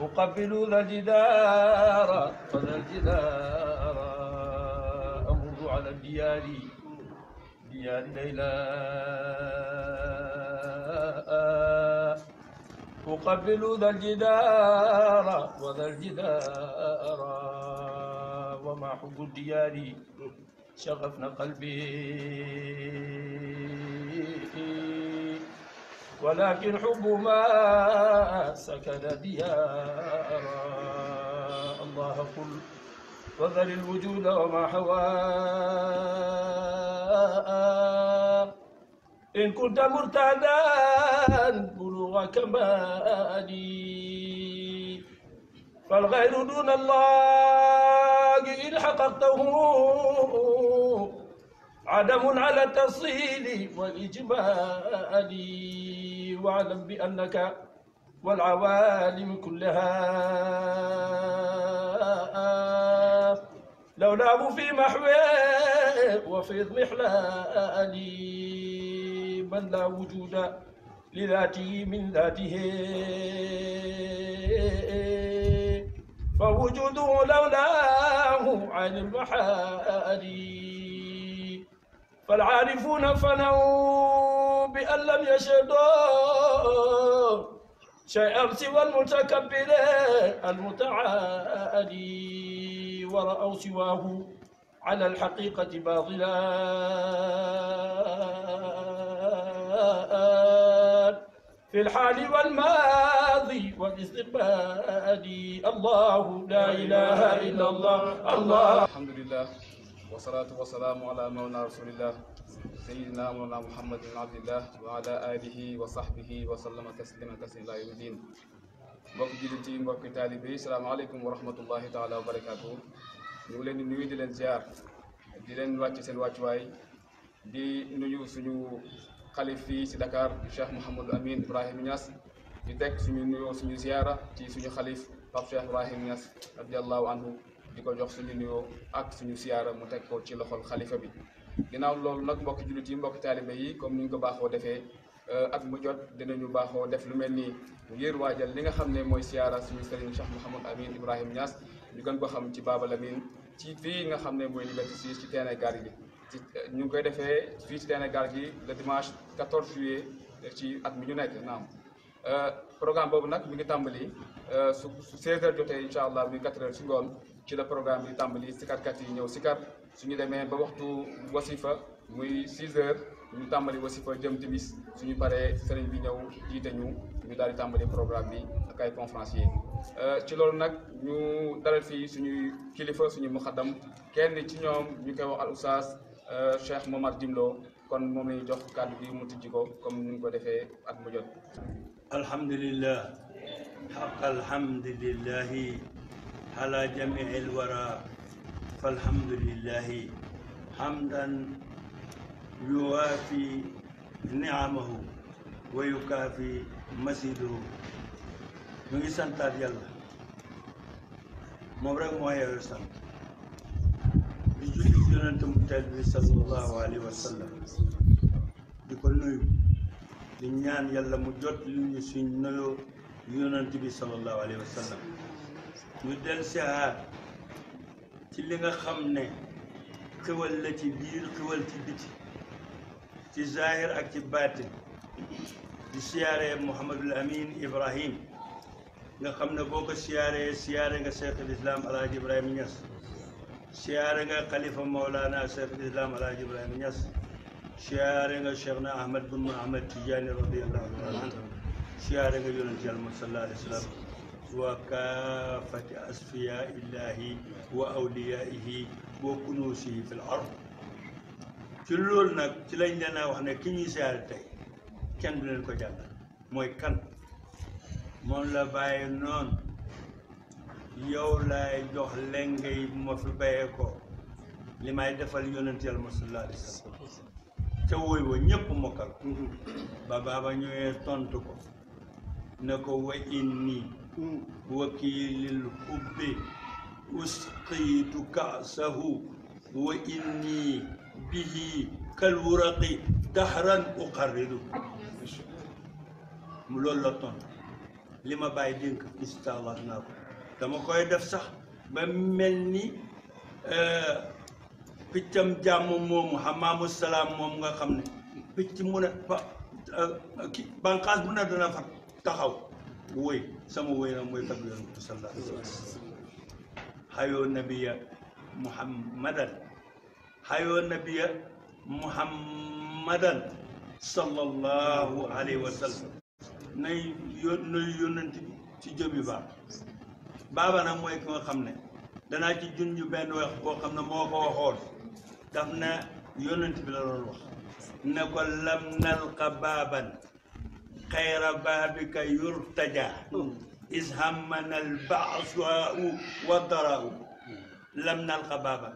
أقبل ذا الجدار فذا الجدار أمر على الديار ديار ليلى أقبل ذا الجدار وذا الجدار وما حب الديار شغفنا قلبي ولكن حب ما سكن بها الله قل وذل الوجود وما حوى إن كنت مرتدا بلوغ كمالي فالغير دون الله إن حققته عدم على التصيل والإجمال واعلم بأنك والعوالم كلها لولاه في محواه وفي محلالي من لا وجود لذاته من ذاته فوجوده لولاه عن المحال فالعارفون فنوا بأن لم يشهدوا شيئا سوى المتكبر المتعالي ورأوا سواه على الحقيقة باطلا في الحال والماضي والاستقبال الله لا إله إلا الله الله الحمد لله wasalaatu wasalaamu ala mawlana rasulillah sayidina mawlana muhammad bin abdillah wa ala alihi wa sahbihi wa sallama taslima taslima ila yawmi din mbokki jullit yi mbokki taalibe yi salaamaaleykum wa rahmatullahi taala wa barakaatu ñu ngi leen di nuyu di leen ziar di leen wàcc seen wàccuwaay di nuyu suñu xalif fii si Dakar Cheikh Mouhamadou Amine Ibrahima Niass di teg suñu nuyoo suñu ziara ci suñu xalif Pape Cheikh Ibrahima Niass radiallahu anhu di ko jox suñu nuyoo ak suñu siyaara mu teg ko ci loxol xalifa bi ginnaaw loolu nag mbokki jullit yi mbokki taalibe yi comme ni ñu ko baaxoo defee euh, ak mu jot dina ñu baaxoo def lu mel nii ngir waajal li nga xam ne mooy siyaara suñu sëriñ Cheikh Mouhamed Amine Ibrahim Niass ñu gën ko xam ci Baba Lamine ci fii nga xam ne mooy liberté si ci terrain gaar gi ñu ngi koy defee fii ci terrain gaar gi le dimanche 14 juillet ci at mi ñu nekk naam euh, programme boobu nag mi ngi tàmbali euh, su 16 heures jotee incha allah muy 4 heures ci la programme bi tàmbali sikarkat yi ñëw sikar suñu demee ba waxtu wasifa muy 6 heures ñu tàmbali wasifa jëm timis suñu paree sëriñ bi ñëw jiite ñu ñu daal di tàmbali programme bi ak ay conférencier euh, ci loolu nag ñu dalal fii suñuy kilifa suñu muxaddam kenn ci ñoom ñu koy wax al oustaz euh, Cheikh Momar Dimlo kon moom la ñuy jox kàddu bi mu tijji ko comme ni ñu ko defee at mu jot alhamdulillah على جميع الورى فالحمد لله حمدا يوافي نعمه ويكافي مزيده ñu ngi santaat yàlla moom rek mooy yooyu sant di julli yonentam teel bi sallallahu alayhi wa sallam di ko nuyu di ñaan yàlla mu jot li ñu suñ nuyoo yonent bi sallallahu alayhi wa sallam ñu del siaar ci li nga xam ne xewal la ci biir xewal ci biti ci zahir ak ci baatin di siyaaree Mouhamadul Amin Ibrahim nga xam ne boo ko siyaaree siyaare nga cheikhul islam alhaji Ibrahima Niass siyaare nga xalifa Mawlana cheikhul islam alhaji Ibrahima Niass siyaare nga cheikhna Ahmad bun Ahmad Tijaani radiyallahu taala anhu siyaare nga yonent yàlla sallallahu alayhi wa sallam وكافة أصفياء الله وأوليائه وكنوسه في الأرض ci loolu nag ci lañ danaa wax ne ki ñuy seeyal tey kenn du leen ko jàngal mooy kan moom la bàyyi noonu yow laay jox lenge yi bu ma fi bayee ko li may defal yonent yàlla sallallahu alayhi wa sallam te woy wa ñépp ba baaba ñëwee tontu ko ne ko wa inni وكيل الحب أسقيت كأسه وإني به كالورق دهرا أقرده loolu la tontu li ma bàyyi dénk istaawaat naa ko dama koy def sax ba mel ni eh, piccam jàmm moomu xamaamu salaam moom nga xam ne picc mu ne ba eh, banqaas bu ne dana fa taxaw woy sama woy nag mooy tagg yoon bi sallallahu muhammadan hayoo nabiya muhammadan sallallahu alayhi wa sallam nay yo nay yónnanti bi ci jëmmi baaba baaba nag mooy ki nga xam ne danaa ci junj benn wax boo xam ne moo ko waxoon daf na yónnanti bi la doon wax ne ko lam nalqa baaban xayra baabika yurtaja is hammana albasuau wa darau lam nalqa baaba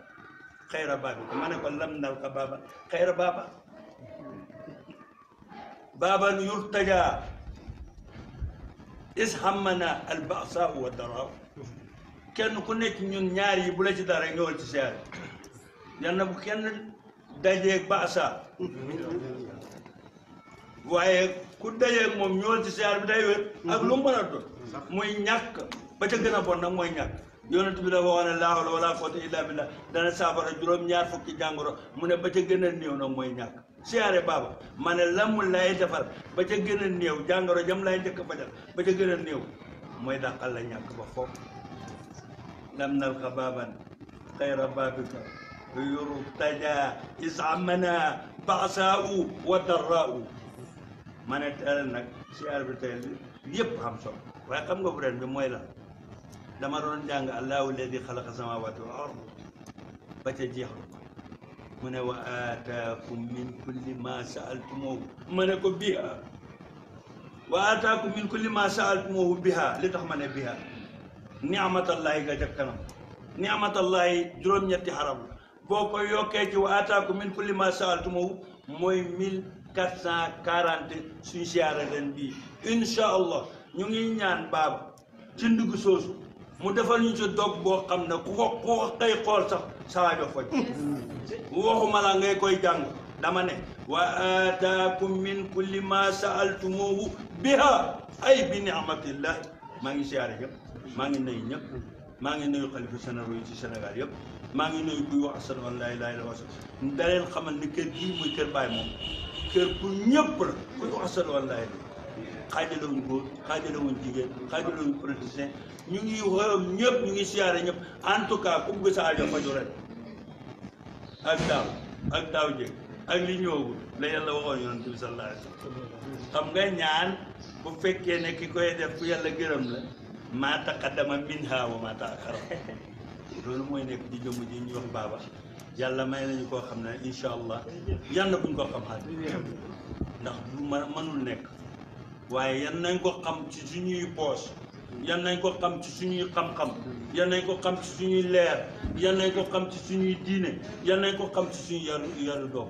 xayra baabika ma ne ko lam nalqa baaba xayra baaba baaban yurtaja is hammana albasuau wa darau kenn ku nekk ñun ñaar yi bu la ci dara ñëwal ci seer yal na bu kenn dajeeg baasa waaye ku dajeeg moom ñool ci siyaar bi day wér ak lu mu a doon muy ñàkk ba ca gën a bon nag mooy ñàkk yonent bi dafa waxoon ne laa wala quwwata illa billah dana saafara juróom-ñaar fukki jàngoro mu ne ba ca gën a néew nag mooy ñàkk siyaare baaba ma ne lamu lay defal ba ca gën a néew jàngoro jam lay njëkk fajal ba ca gën a néew mooy dàqal la ñàkk ba foofu lam nalqa baaban xayra baabika yurtajaa isamana baasaau wa darraau ma ne teel nag si àll bi teel yëpp xam solo waaye xam nga bu ren bi mooy lan dama doon jàng allahu alladi xalaqa samawati wal ard ba ca jeexlu ko mu ne wa aataakum min kulli ma saaltumoohu ma ne ko biha wa aataakum min kulli ma saaltumoohu biha li tax ma ne biha niamatallahi nga jëkk kanam niamatallahi juróom-ñetti xarab la boo ko yokkee ci wa aataakum min kulli ma saaltumoohu mooy mille quatre cent quarante suñu siyaara ren bii incha ñu ngi ñaan baaba ci ndugg soosu mu defal ñu ci dog boo xam ne ku ko ku ko xool sax sawaajo foj waxuma la ngay koy jàng dama ne wa aataakum min kulli ma saaltumuhu biha ay bi niamatillah maa ngi siyaare yëpp maa ngi nuyu ñëpp maa ngi nuyu xalifa sénégal yi ci sénégal yëpp maa ngi nuyu xamal ne kër gii muy kër baay moom kër pour ñëpp la ku ñu asal wallaay xaajalewuñ góor xaajalewuñ jigéen xaajalewuñ politicien ñu ngi xorom ñëpp ñu ngi siyaare ñëpp en tout cas ku bëgg sa aajo faju ren ak daaw ak daaw jéeg ak li ñëwagul la yàlla waxoon yonent bi sallallahu alayhi xam nga ñaan bu fekkee ne ki koy def ku yàlla gërëm la maa taqaddama minha wa maa taaxara loolu mooy nekk di jëmm ji ñuy baaba yàlla may nañu koo xam ne incha allah yan buñ ko xam xaat ndax lu ma mënul nekk waaye yan nañ ko xam ci suñuy poche yan nañ ko xam ci suñuy xam-xam yan nañ ko xam ci suñuy leer yan nañ ko xam ci suñuy diine yan nañ ko xam ci suñuy yaru yaru doom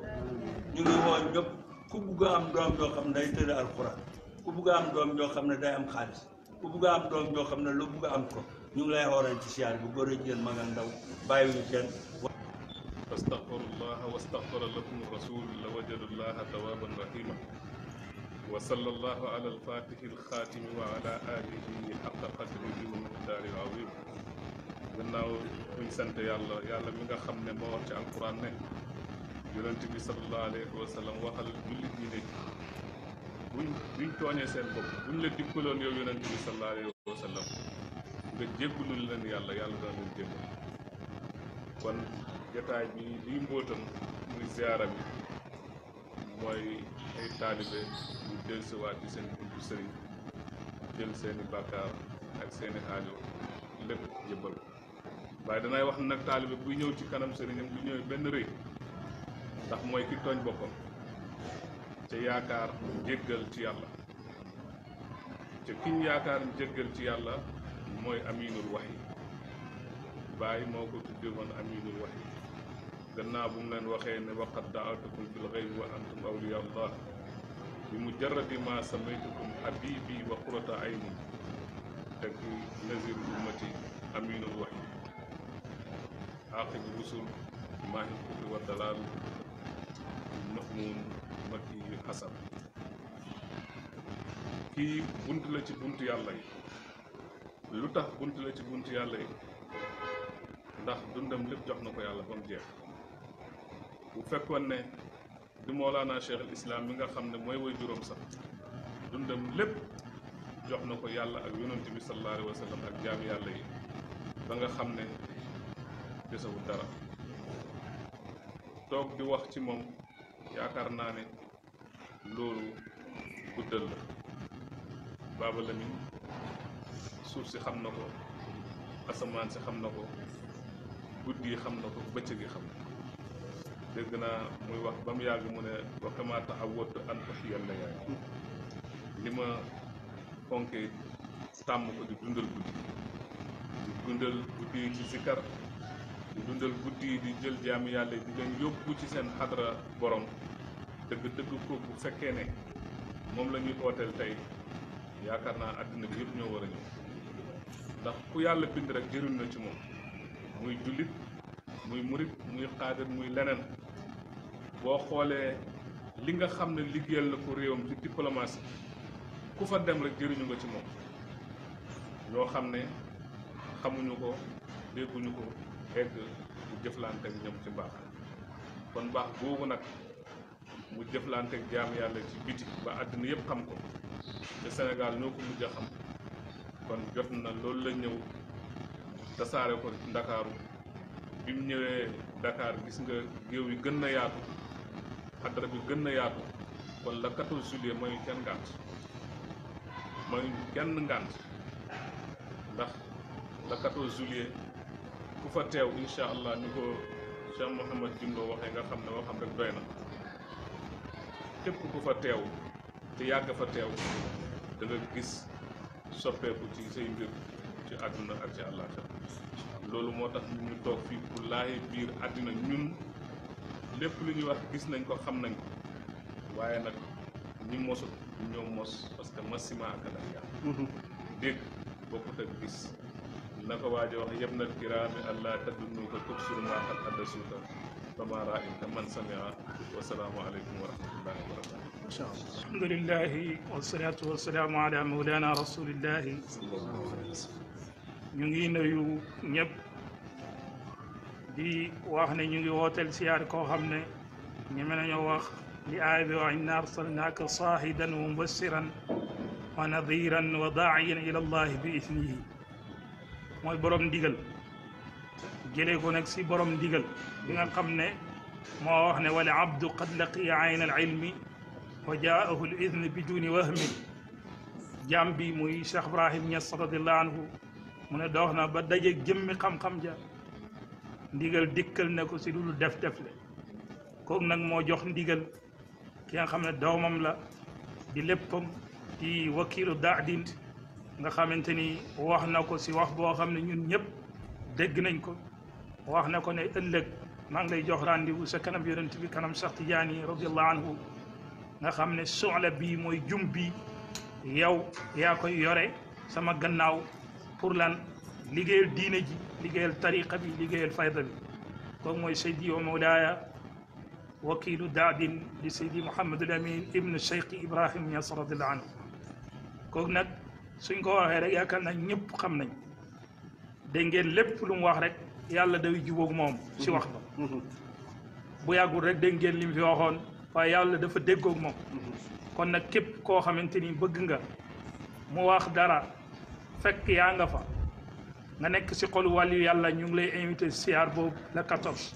ñu ngi woo ñëpp ko bugg am doom yoo xam ne day tëdd alxuraan ku bugg am doom ñoo xam ne day am xaalis ku bugg a am doom yoo xam ne lu bugg am ko ñu ngi lay xooral ci siyaar bu góor a jigéen ndaw bàyyiwuñu kenn فاستغفروا الله واستغفر لكم الرسول لوجدوا الله توابا رحيما وصلى الله على الفاتح الخاتم وعلى آله حق قدره ومقدار العظيم gannaaw buñ sant yàlla yàlla mi nga xam ne moo wax ci alquran ne yonent bi sallallahu alayhi wa sallam waxal jullit ñi ne buñ buñ tooñee seen bopp buñ la dikkaloon yow yonent bi sallallahu alayhi wa sallam nga jéggalul leen yàlla yàlla dana leen jéggal kon jataay bi liy mbóotam muy ziyaara bi mooy ay jël yu dellusiwaat ci seen buntu sëriñ jël seeni bàkkaar ak seeni xaajo lépp jëbbal waaye danay wax nag taalibe buy ñëw ci kanam sëriñam du ñëwee benn rëy ndax mooy ki tooñ boppam ca yaakaar njéggal ci yàlla ca kiñ yaakaar njéggal ci yàlla mooy aminul wahyi bàyyi moo ko tuddee woon aminul wahyi gannaaw bu mu leen waxee ne waqad daawtukum bil ghaybi wa antum awliya allah bi mujarradi ma samaytukum habibi wa qurrata ayni teg nazirul ummati aminul wahyi aaqibu rusul maahil kufri wa dalal mahmuun makki hasan kii bunt la ci bunt yàlla yi lu tax bunt la ci bunt yàlla yi ndax dundam lépp jox na ko yàlla ba mu jeex bu fekkoon ne du Mawlana Cheikh al islaam bi nga xam ne mooy woy juróom sax dundam lépp jox na ko yàlla ak yonent bi sallallahu alayhi wa ak jaam yàlla yi ba nga xam ne desewul dara toog di wax ci moom yaakaar naa ne loolu guddal la Baaba suuf si xam na ko asamaan si xam na ko guddi yi xam na ko bëccëg yi xam na ko dégg naa muy wax ba mu yàgg mu ne wa kama ta'awwadtu an uhyiyal layali li ma fonkee tàmm ko di dundal guddi di dundal guddi yi ci sikar di dundal guddi yi di jël jaami yàlla di leen yóbbu ci seen xadra borom dëgg dëgg ko bu fekkee ne moom lañuy ñuy ooteel tey yaakaar naa àddina bi yëpp ñoo war a ñëw ndax ku yàlla bind rek jëriñ na ci moom muy jullit muy murit muy xaadir muy leneen boo xoolee li nga xam ne liggéeyal na ko réewam ci diplomatie ku fa dem rek jëriñu nga ci moom ñoo xam ne xamuñu ko dégguñu ko egg mu jëflanteeg ñoom ci mbaax kon mbaax googu nag mu jëflanteeg jaam yàlla ci biti ba àddina yëpp xam ko te Sénégal ñoo ko mujj a xam kon jot na loolu la ñëw tasaare ko ndakaaru bi mu ñëwee Dakar gis nga géew yi gën na yaatu xadara bi gën na yaatu kon la 14 juillet kenn ngànt mayu kenn ngànt ndax la 14 juillet ku fa teew incha allah ni ko Cheikh Mouhamad Jumlo waxee nga xam ne waxam rek doy na képp ku fa teew te yàgg fa teew da gis soppeeku ci say mbir ci àdduna ak ci àllaaxira loolu moo tax ñu toog fii pour biir àddina ñun lépp lu ñuy wax gis nañ ko xam nañ ko waaye nag ñu mosut ñoom mos parce que masima ak danga mhm. dégg bokkut ak gis na ko wax yëpp nal kiraami allah taddunu ko tub sur maa xat adda suuta famara man samia wasalaamu aleykum wa rahmatullahi wa barakatu ñu ngi nuyu ñëpp di wax ne ñu ngi wooteel siyaar koo xam ne ñeme nañoo wax li aaya bi wa inna arsalnaaka saahidan wa mubassiran wa nadiran wa daa'iyan ila allahi bi isnihi mooy borom ndigal jëlee ko nag si borom ndigal bi nga xam ne moo wax ne wala abdu qad laqiya ayna al ilmi wa jaahu al idn biduni wahmin jaam bi muy Cheikh Ibrahim Niass radiallahu anhu mu ne dox na ba daje jëmmi xam-xam ja ndigal dikkal na ko si lu def def le kooku nag moo jox ndigal ki nga xam ne doomam la di léppam di wakiilu daadin nga xamante ni wax na ko si wax boo xam ne ñun ñëpp dégg nañ ko wax na ko ne ëllëg maa ngi lay jox rendez-vous sa kanam yonent bi kanam Cheikh Tidiane yi radiallahu anhu nga xam ne soxla bii mooy jum bi yow yaa koy yore sama gannaaw pour lan liggéeyal diine ji liggéeyal tariqa bi liggéeyal fayda bi kooku mooy saydi wa mawlaaya wakiilu daadin di saydi Mouhamadul Amin ibnu Cheikh Ibrahim Niass radiallahu anhu kooku nag suñ ko waxee rek yaakaar naa ñëpp xam nañ dégg ngeen lépp lu mu wax rek yàlla day jubóog moom si wax ba bu yàggul rek dégg ngeen li mu waxoon waaye yàlla dafa déggoog moom kon nag képp koo xamante ni bëgg nga mu wax dara fekk yaa nga fa nga nekk si xolu wàllu yàlla ñu ngi lay invité siyaar boobu la 14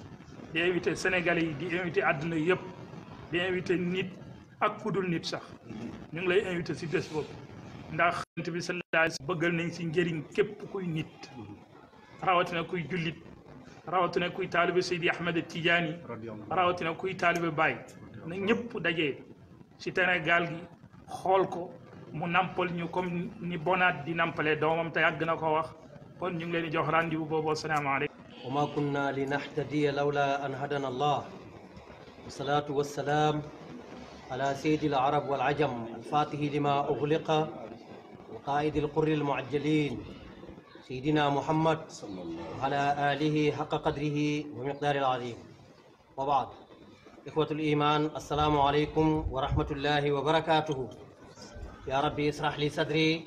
di invité Sénégalais yi di invité àdduna yëpp di invité nit ak kudul nit sax ñu ngi lay invité si bés boobu ndax yonent bi sallallahu alayhi bëggal nañ si njëriñ képp kuy nit rawatina kuy jullit rawatina kuy taalibe Seydi Ahmed Tidiane rawatina kuy taalibe Baye na ñëpp dajee si Sénégal gi xool ko mu nampal ñu comme ni bonaat di nampale doomam te yàgg na ko wax kon ñu ngi leen di jox rendez-vous boobu asalaamaaleykum wa ma kunna li nahtadiya lawla an hadana allah wasalaatu wassalaam ala sayyidi al arab wal ajam alfatihi lima ughliqa alqaidi alqurri almuajjalin sayidina muhammad wa ala alihi haqa qadrihi wa miqdaari alazim wa baad ikhwatu aliman assalaamu aleykum wa rahmatullahi wa barakatuhu rab يا ربي اشرح لي صدري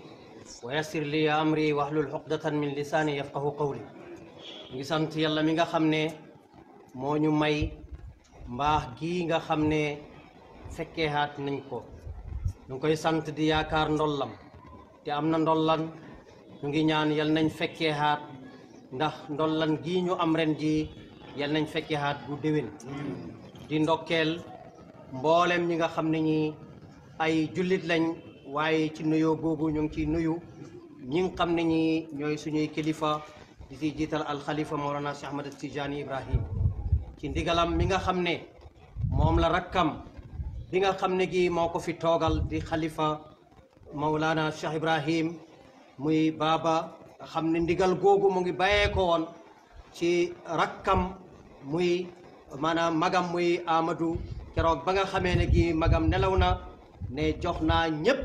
ويسر لي امري واحلل عقدة من لساني يفقه قولي ngi sant yàlla mi nga xam ne moo ñu may mbaax gii nga xam ne fekkee nañ ko ñu koy sant di yaakaar ndollam te am na ndollan ñu ngi ñaan yal nañ fekkee xaat ndax ndollan gii ñu am ren ji yal nañ fekkee xaat bu déwén di ndokkeel mboolem ñi nga xam ne ñi ay jullit lañ waaye ci nuyoo googu ñu ngi ciy nuyu ñi nga xam ne ñi ñooy suñuy kilifa di ci jiital alxalifa Mawlana Cheikh Ahmad Tidiane Ibrahim ci ndigalam mi nga xam ne moom la rakkam bi nga xam ne gi moo ko fi toogal di xalifa Mawlana Cheikh Ibrahim muy baaba nga xam ne ndigal googu mu ngi bàyyee ko woon ci rakkam muy maanaam magam muy Amadou keroog ba nga xamee ne gi magam nelaw na ne jox naa ñëpp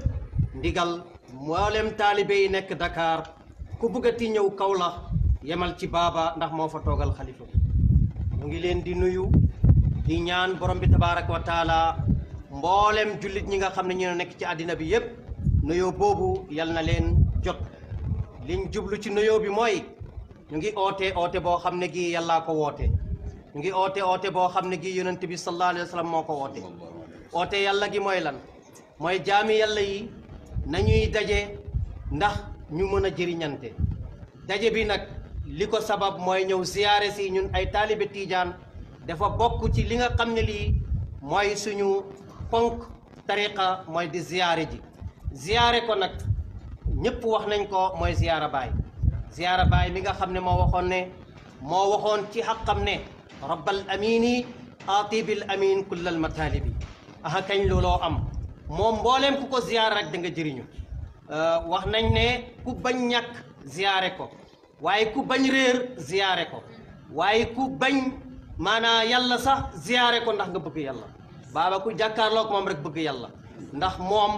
ndigal mboolem taalibe yi nekk Dakar ku bëggati ñëw kaw Kaolack yemal ci baaba ndax moo fa toogal xalifa mu ngi leen di nuyu di ñaan borom bi tabaaraka wa mboolem jullit ñi nga xam ne ñu nekk ci àddina bi yépp nuyoo boobu yal na leen jot liñ jublu ci nuyoo bi mooy ñu ngi oote oote boo xam ne gi yàllaa ko woote ñu ngi oote oote boo xam ne gi yonent bi sallallahu alayhi wa moo ko woote oote yàlla gi mooy lan mooy jaami yàlla yi nañuy daje ndax ñu mën a jëriñante daje bi nag li ko sabab mooy ñëw siyaare si ñun ay taalibe tiijaan dafa bokk ci li nga xam ne lii mooy suñu ponk tariqa mooy di ziyaare ji ziyaare ko nag ñëpp wax nañ ko mooy ziyaara baay ziyaara baay mi nga xam ne moo waxoon ne moo waxoon ci xaqam ne rabbal amini aati bil amin kullal mataalibi aha kañ looloo am moom mbooleem ku ko ziyaar rek da nga jëriñu euh, wax nañ ne ku bañ ñàkk ziyaare ko waaye ku bañ réer ziyaare ko waaye ku bañ maanaa yàlla sax ziyaare ko ndax nga bëgg yàlla baaba ku jàkkaarloog moom rek bëgg yàlla ndax moom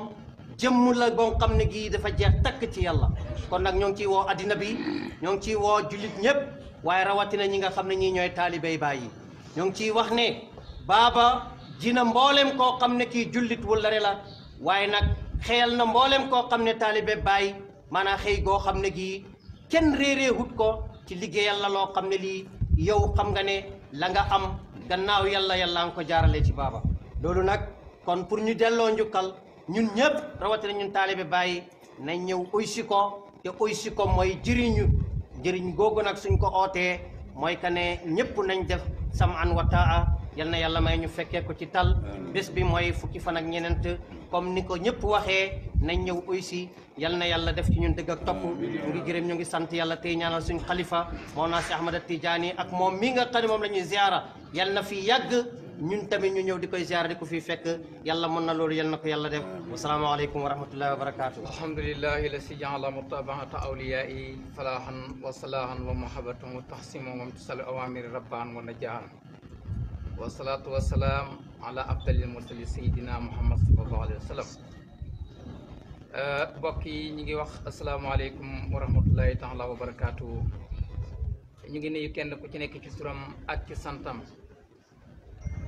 jëmm la boo xam ne gii dafa jeex takk ci yàlla kon nag ñoo ngi ciy woo addina bi ñoo ngi ciy woo julit ñëpp waaye rawatina ñi nga xam ne ñii ñooy taalibey baay yi ñoo ngi wax ne baaba na mboolem koo xam ne kii jullit wëllëre la waaye nag xeyal na mboolem koo xam ne taalibe baay maanaam xëy goo xam ne gii kenn réeree hut ko ci liggéeyal la loo xam ne lii yow xam nga ne la nga am gannaaw yàlla yàlla nga ko jaarale ci baaba loolu nag kon pour ñu delloo njukkal ñun ñëpp rawatina ñun taalibe bàyyi nañ ñëw uysi ko te uysi ko mooy jëriñu jëriñ googu nag suñ ko ootee mooy que ne ñëpp nañ def sam an yal na yàlla may ñu fekkee ko ci tal bes bi mooy fukki fan ak ñeneent comme ni ko ñëpp waxee nañ ñëw aussi yal na yàlla def ci ñun dëgg ak topp ñu ngi gërëm ñu ngi sant yàlla tey ñaanal suñu xalifa moo naa si Ahmada Tidiane ak moom mi nga xam ne moom la ñuy ziara yal na fi yàgg ñun tamit ñu ñëw di koy ziara di ko fii fekk yàlla mën na loolu yal na ko yàlla def wasalaamaaleykum wa rahmatullahi wa barakaatu alhamdulilahi la si jaala mutabaata awliyaa'i falaahan wa salaahan wa mahabatan wa tahsiman wa imtisal awamiri rabban wa najaan wasalaatu wasalaam ala abdalil mursali sayidina muhammad salallahu alayhi wa sallam euh, mbokk yi ñu ngi wax asalaamaaleykum wa rahmatullahi taala wa barakaatu ñu ngi nuyu kenn ku ci nekk ci turam ak ci santam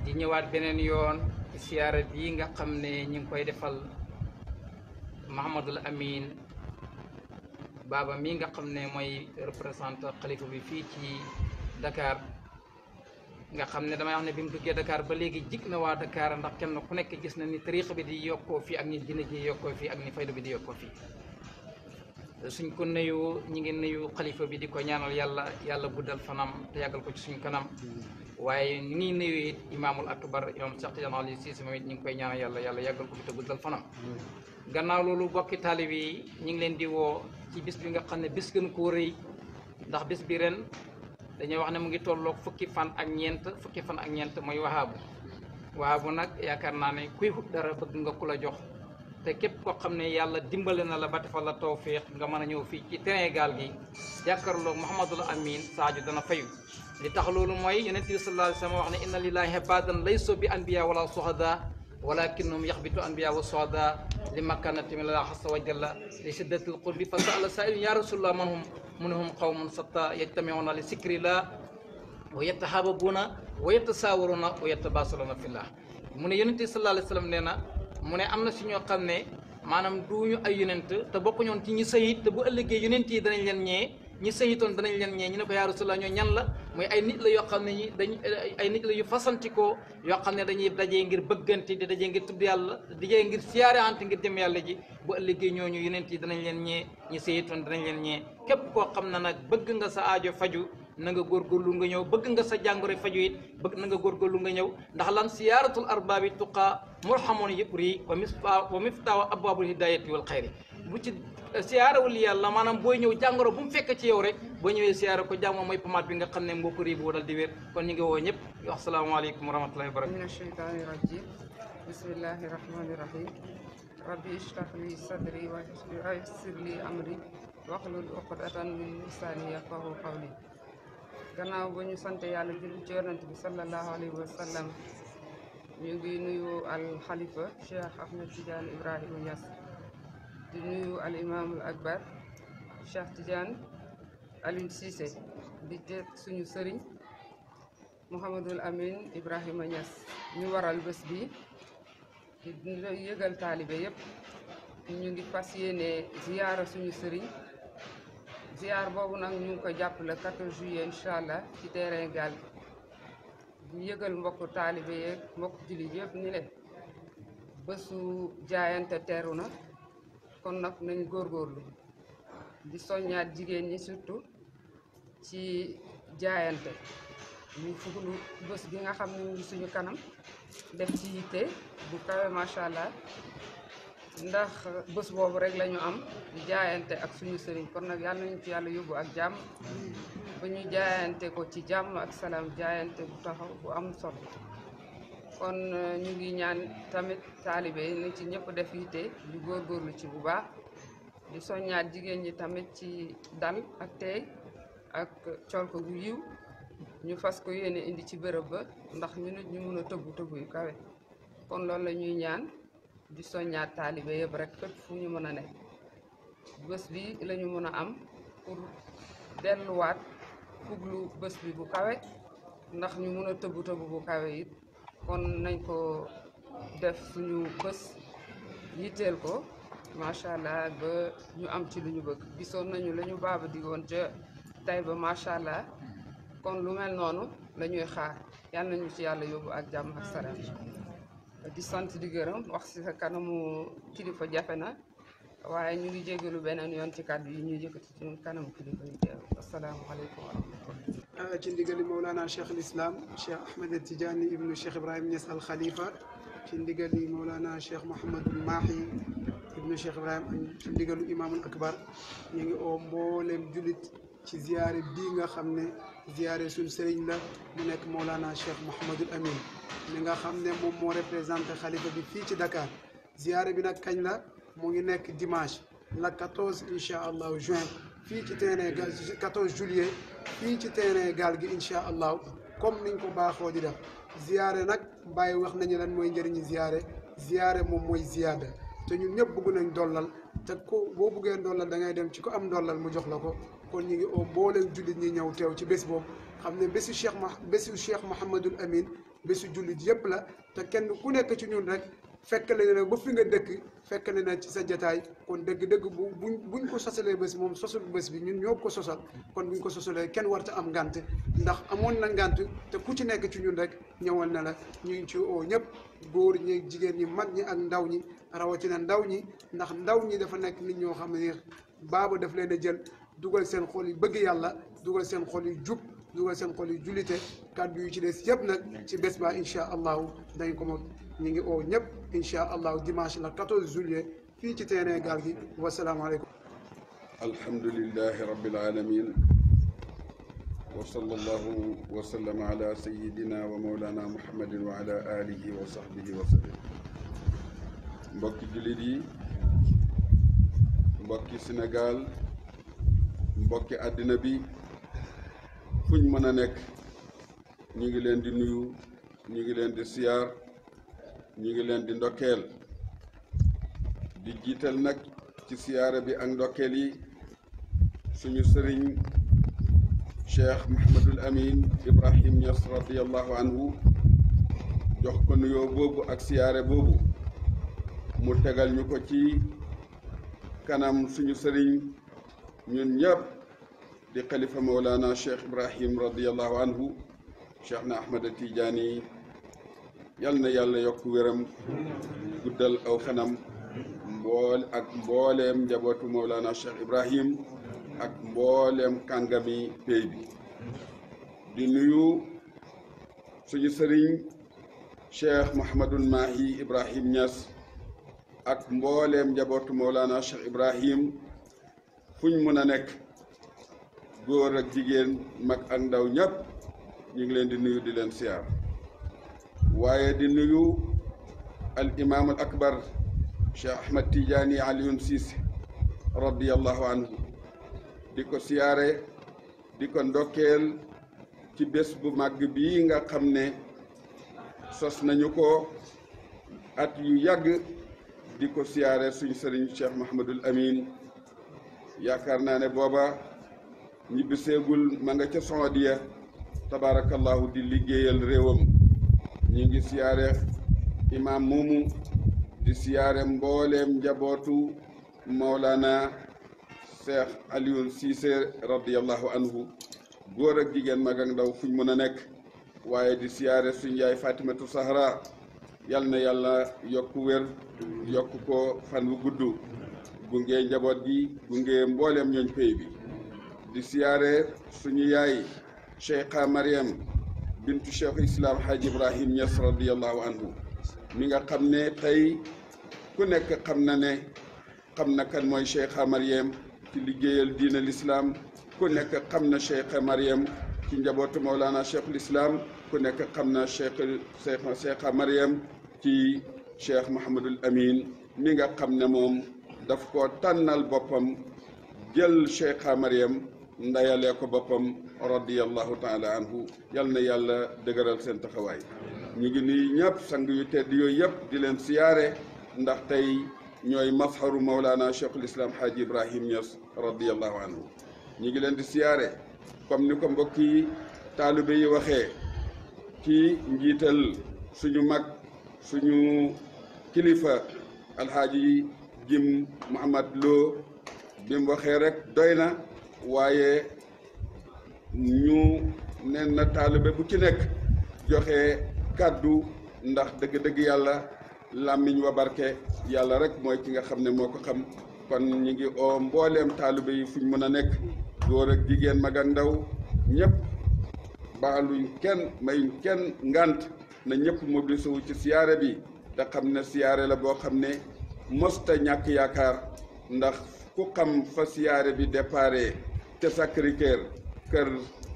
di ñëwaat beneen yoon ci siyaara bii nga xam ne ñu ngi koy defal Mahamadul Amin baaba mi nga xam ne mooy représentant xalifa bi fii ci Dakar nga xam ne damay wax ne bi mu duggee Dakar ba léegi jig na waa Dakar ndax kenn ku nekk gis na ni tariixa bi di yokkoo fii ak ni dina ji yokkoo fii ak ni fayda bi di yokkoo fii suñ ko nuyu ñi ngi nuyu xalifa bi di ko ñaanal yàlla yàlla guddal fanam te yàggal ko ci suñ kanam waaye ñi ngi nuyu it imaamul akbar imam Cheikh Tidiane Ali Cissé moom it ñi ngi koy ñaanal yàlla yàlla yàggal ko fi te guddal fanam gannaaw loolu bokki taalib yi ñi ngi leen di woo ci bis bi nga xam ne bis gën koo rëy ndax bis bi ren dañuy wax ne mu ngi tollook fukki fan ak ñeent fukki fan ak ñeent mooy wahaabu wahaabu nag yaakaar naa ne kuy xut dara nga ku la jox te képp koo xam ne yàlla dimbale na la ba defal la tawfiq nga mën a ñëw fii ci Sénégal gi jàkkaarloog Mouhamadul Amin Sadio dana fayu li tax loolu mooy yonent bi sallallahu alayhi wa wax ne inna lillahi ibadan laysu bi anbiya wala suhada walakinnahum yaxbitu anbiya wa soda li makkanati min allah xasa wa jalla li shiddati alqurbi fa sala sailun ya rasulullah man hum mu ne hum qawmun satta yajtamiuna li sikrillah wa yatahababuna wa yatasaawaruna wa yatabasaluna fillah mu ne yonente sallallahu alayhi wa sallam nee na mu ne am na si ñoo xam ne maanaam duñu ay yonent te bokkuñoon ci ñi sayit te bu ëllëgee yonent yi danañ leen ñee ñi sëyitoon danañ leen ñee ñu ne ko yaa rasulallah ñoo ñan la mooy ay nit la yoo xam ne ñi dañ ay nit la yu fasantikoo yoo xam ne dañuy dajee ngir bëggante di dajee ngir tudd yàlla dajee ngir siyaare ante ngir jëm yàlla ji bu ëllëgee ñooñu yonent yi danañ leen ñee ñi sëyitoon danañ leen ñee képp koo xam ne nag bëgg nga sa aajo faju na nga lu nga ñëw bëgg nga sa jàngoro faju yit bëgg nanga góor góor lu nga ñëw ndax lan siyaaratul arbaabi tuqaa murhamoon yëpp rii wa miftaa wa miftaaw abwaabul hidayati wal xayri bu ci siyaara wul yàlla maanaam booy ñëw jàngoro bu mu fekk ci yow rek boo ñëwee siyaara ko jàmm mooy pomaat bi nga xam ne moo ko riiboo dal di kon ñu ngi woo ñëpp wax salaamaaleykum wa rahmatullahi wa barakatu min asheytaani rajim bismillahi rahmani rahim rabbi amri waxlul uqdatan min lisaani yafqahu qawli gannaaw ba ñu sant yàlla julli ci yonent bi sallallahu alayhi wa sallam ñu di nuyu al imaamul akbar Cheikh Tidiane Alioune Cissé di teeg suñu sëriñ Mouhamadul Amin Ibrahima Niass ñu waral bés bi di yëgal taalibe yépp ñu ngi fas yéene ziyaara suñu sëriñ ziyaar boobu nag ñu ngi jàpp le juillet incha allah ci terrain Gaal ñu yëgal mbokku taalibe yeeg mbokku jullit yépp ni leen bésu jaayante teeru na kon nag góor góorlu di soññaat jigéen ñi surtout ci jaayante ñu fuglu bés bi nga xam ne suñu kanam def ci yitte bu kawe macha allah ndax bés boobu rek lañu am jaayante ak suñu sëriñ kon nag yàlla nañu ci yàlla yóbbu ak jàmm ba ñuy jaayante ko ci jàmm ak salaam jaayante bu taxaw bu am solo kon euh, ñu ngi ñaan tamit taalibe yi na ci ñëpp def yitte góor góorgóorlu ci bu baax di soññaat jigéen ñi tamit ci dal ak tey ak colko ko gu yiw ñu fas ko yéene indi ci bërëb ba ndax ñu nit ñu mën a tëbb tëbb yu kawe kon loolu la ñuy ñaan di soññaat taalibe yëpp rek fépp fu ñu mën a nekk bés bi lañu mën a am pour delluwaat fuglu bés bi bu kawe ndax ñu mun a tëbb tëbb bu kawe it kon nañ ko def suñu bës yitteel ko macha allah ba ñu am ci lu ñu bëgg gisoon nañu la ñu baaba di woon ca tay ba macha allah kon lu mel noonu la ñuy xaar yal nañu ci yàlla yóbbu ak jàmm ak salaam di sant di gërëm wax ci sa kanamu kilifa jafe na waaye ñu ngi jégalu beneen yoon ci kàddu yi ñuy yëkkati ci kanamu kilifa yi teew asalaamaaleykum wa rahmatullah ah, ci ndigali Mawlana Cheikh Lislaam Cheikh Ahmed Tidiane ibnu Cheikh Ibrahim Niass al Khalifa ci ndigali Mawlana Cheikh Mouhamadul Mahi ibnu Cheikh Ibrahim ci ndigalu Imaamul Akbar ñu ngi oo mbooleem jullit ci ziyaare bii nga xam ne ziyaare suñu sëriñ la mu nekk Mawlana Cheikh Mouhamadul Amin mi nga xam ne moom moo représenté xalifa bi fii ci Dakar ziyaare bi nag kañ la. mu ngi nekk dimanche la 14 incha allahu juin fii ci terrain gal 14 juillet fii ci terrain gaal gi incha allah comme niñ ko baaxoo di def ziyaare nag bàyyi wax nañu lan mooy njëriñu ziyaare ziyaare moom mooy ziyaada te ñun ñëpp bëgg nañ dollal te ko boo bëggee dollal da ngay dem ci ko am dollal mu jox la ko kon ñu ngi oo mbooleem jullit ñi ñëw teew ci bés boobu xam ne bésu cheikh ma bésu cheikh Mouhamadul Amin bésu jullit yëpp la te kenn ku nekk ci ñun rek fekk la ne ba fi nga dëkk fekk la ne ci sa jetaay kon dëgg-dëgg bu bu buñ ko sosalee bés moom sosul bés bi ñun ñoo ko sosal kon buñ ko sosalee kenn warta am ngànt ndax amoon na ngànt te ku ci nekk ci ñun rek ñëwal na la ñu ngi ci oo ñëpp góor ñi jigéen ñi mag ñi ak ndaw ñi rawatina ndaw ñi ndax ndaw ñi dafa nekk nit ñoo xam ne baaba daf leen a jël dugal seen xol yi bëgg yàlla dugal seen xol yi jub dugal seen xol yi jullite kàddu yu ci des yëpp nag ci bés ba incha allahu dañ ko mot ñu ngi oo ñëpp incha allahu dimanche la 14 juillet fii ci terrain gaal gi wasalaamaaleykum alhamdulilahi rabbil alamin wa sallallahu wa sallama ala sayidina wa mawlana muhammadin wa ala alihi wa sahbihi wa sallam mbokki jullit yi mbokki Sénégal mbokki àddina bi fuñ mën a nekk ñu ngi leen di nuyu ñu ngi leen di siyaar ñu ngi leen di ndokkeel di jiital nag ci siyaara bi ak ndokkeel yi suñu sëriñ cheikh Mouhamadul Amin Ibrahim Niass radiyallahu anhu jox ko nuyoo boobu ak siyaare boobu mu tegal ñu ko ci kanam suñu sëriñ ñun ñëpp di xalifa Mawlana cheikh Ibrahim radiyallahu anhu cheikh na Ahmad Tijaani yal na yàlla yokk wéram guddal aw xanam mbool ak mbooleem njabootu Mawlana Cheikh Ibrahim ak mbooleem kàngami pey bi di nuyu suñu sëriñ Cheikh Mouhamadul Mahi Ibrahim Niass ak mbooleem njabootu Mawlana Cheikh Ibrahim fuñ mën a nekk góor ak jigéen mag ak ndaw ñëpp ñu ngi leen di nuyu di leen siyaar waaye di nuyu al imaam al akbar Cheikh Ahmed Tidiane Alioune Cissé radiyallahu anhu di ko siyaare di ko ndokkeel ci bés bu màgg bii nga xam ne sos nañu ko at yu yàgg di ko siyaare suñ sëriñ Cheikh Mahamadul Amin yaakaar naa ne booba ñibbiseegul ma nga ca Saudiya tabaarakallahu di liggéeyal réewam ñi ngi siyaare imaam moomu di siyaare mbooleem njabootu Mawlana Cheikh Alioune Cissé radiyallahu anhu góor ak jigéen mag ak ndaw fuñ mën a nekk waaye di siyaare suñ yaay Fatimatu Sahra yal na yàlla yokku wér yokk ko fan wu gudd gunge njaboot gi gunge mbooleem ñooñ pay bi di siyaare suñu yaay Cheikha Mariam bintu cheikh islam haj ibrahim Niass radiallahu anhu mi nga xam ne tey ku nekk xam na ne xam na kan mooy cheikha mariam ci liggéeyal diina l'islam ku nekk xam na cheikha mariam ci njabootu Mawlana cheikhul islam ku nekk xam na cheikh cheikha mariam ci cheikh mahamadul amin mi nga xam ne moom daf ko tànnal boppam jël cheikha mariam ndayalee ko boppam radiyallahu taala anhu yal na yàlla dëgëral seen taxawaay ñu ngi nuyu ñëpp sang yu tedd yooyu yëpp di leen siyaare ndax tey ñooy mazharu mawlaana cheikhul islam haaji ibrahim Niass radiyallahu anhu ñu ngi leen di siyaare comme ni ko mbokk yi taalibe yi waxe ci njiital suñu mag suñu kilifa alhaaji jim Mouhamad Lo bi waxee rek doy na waaye ñu ne na bu ci nekk joxe kàddu ndax dëgg-dëgg yàlla làmmiñ wa barke yàlla rek mooy ki nga xam ne moo ko xam kon ñu ngi oo mbooleem taalibe yi fuñ mën a nekk góor ak jigéen mag ak ndaw ñëpp baaluñ kenn mayuñ kenn ngant na ñëpp mobilisé wu ci siyaare bi te xam ne siyaare la boo xam ne mosta ñàkk yaakaar ndax ku xam fa siyaare bi déparé ca Sacré-Cœur kër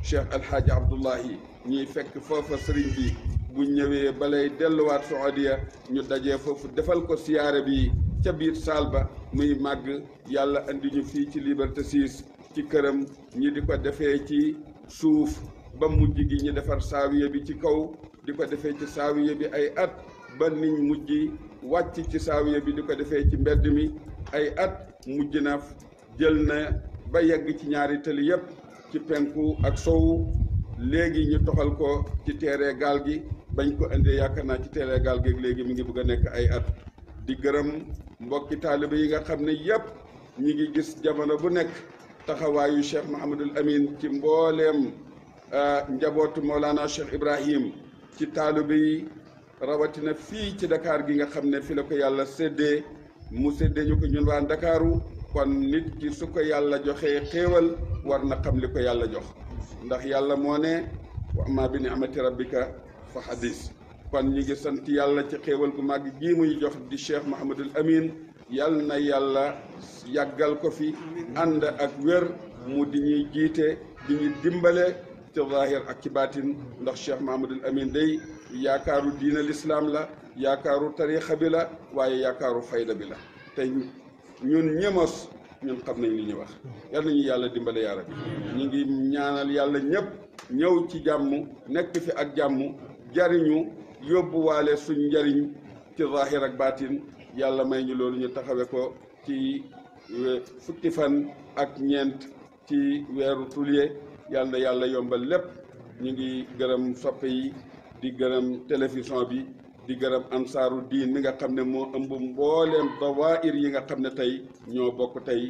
Cheikh Alhaaji Abdullahi ñuy fekk foofa sëriñ bi bu ñëwee balay delluwaat Saoudia ñu dajee foofu defal ko siyaare bi ca biir saal ba muy màgg yàlla andi ñu fii ci Liberté 6 ci këram ñi di ko defee ci suuf ba mujj gi ñu defar saawiya bi ci kaw di ko defee ci saawiya bi ay at ba niñ mujj wàcc ci saawiya bi di ko defee ci mbedd mi ay at mujj na jël na ba yegg ci ñaari tëli yépp ci penku ak sowu léegi ñu toxal ko ci teeree gaal gi bañ ko indee yaakaar naa ci teere gaal gi léegi mu ngi bëgg a nekk ay at di gërëm mbokki taaliba yi nga xam ne yépp ñu ngi gis jamono bu nekk taxawaayu Cheikh Mahamadul Amin ci mbooleem euh, njabootu Mawlana Cheikh Ibrahim ci taaliba yi rawatina fii ci ndakaar gi nga xam ne fi la ko yàlla séddee mu séddee ñu ko ñun waa Ndakaaru kon nit ki su ko yàlla joxee xéewal war na xam li ko yàlla jox ndax yàlla moo ne wa amma bi ni'mati rabbika fa hadis kon ñu ngi sant yàlla ci xéewal gu màgg gi muy jox di cheikh mahamadul amin yal na yàlla yàggal ko fi ànd ak wér mu di ñuy jiite di ñu dimbale ci zahir ak ci baatin ndax cheikh mahamadul amin day yaakaaru diina lislaam la yaakaaru tarixa bi la waaye yaakaaru fayda bi la ñun ñemos ñun xam nañ li ñu wax yal nañu yàlla dimbale yaara bi ñu ngi ñaanal yàlla ñëpp ñëw ci jàmm nekk fi ak jàmm jariñu yóbbuwaale suñ njariñ ci zaahir ak baatin yàlla may ñu loolu ñu taxawe ko ci fukki fan ak ñeent ci weeru tulie yàlla yàlla yombal lépp ñu ngi gërëm soppe yi di gërëm télévision bi di gërëm ansaaru diin mi nga xam ne moo ëmb mbooleem dawaayir yi nga xam ne tey ñoo bokk tey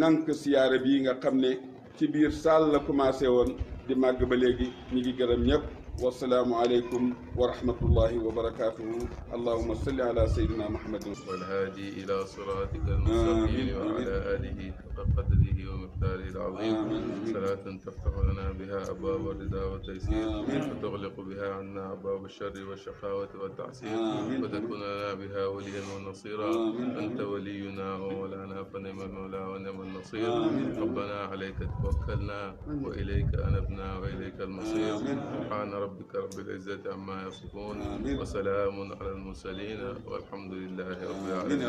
nànk siyaare bii nga xam ne ci biir saal la commencé woon di màgg ba léegi ñu ngi gërëm ñëpp wasalaamu aleykum wa rahmatullahi wa barakatuhu allahuma salli ala sayyidina muhammadin walhaadi ila siratika almustaqim wa ala alihi haqqa qadrihi wa miqdaarihi alazim salaatan taftahu lana biha abwaaba rida wa taysir wa tughliqu biha anna abwaaba alsharri walshaqaawati waltaasir wa takun lana biha waliyan wa nasira anta waliyuna wa mawlana fa nima almawla wa nima alnasir rabbana alayka tawakkalna wa ilayka anabna wa ilayka almasir subhana rabbika rabbil izzati amma yasifun wa salaamun ala al mursalin walhamdulillahi rabbil alamin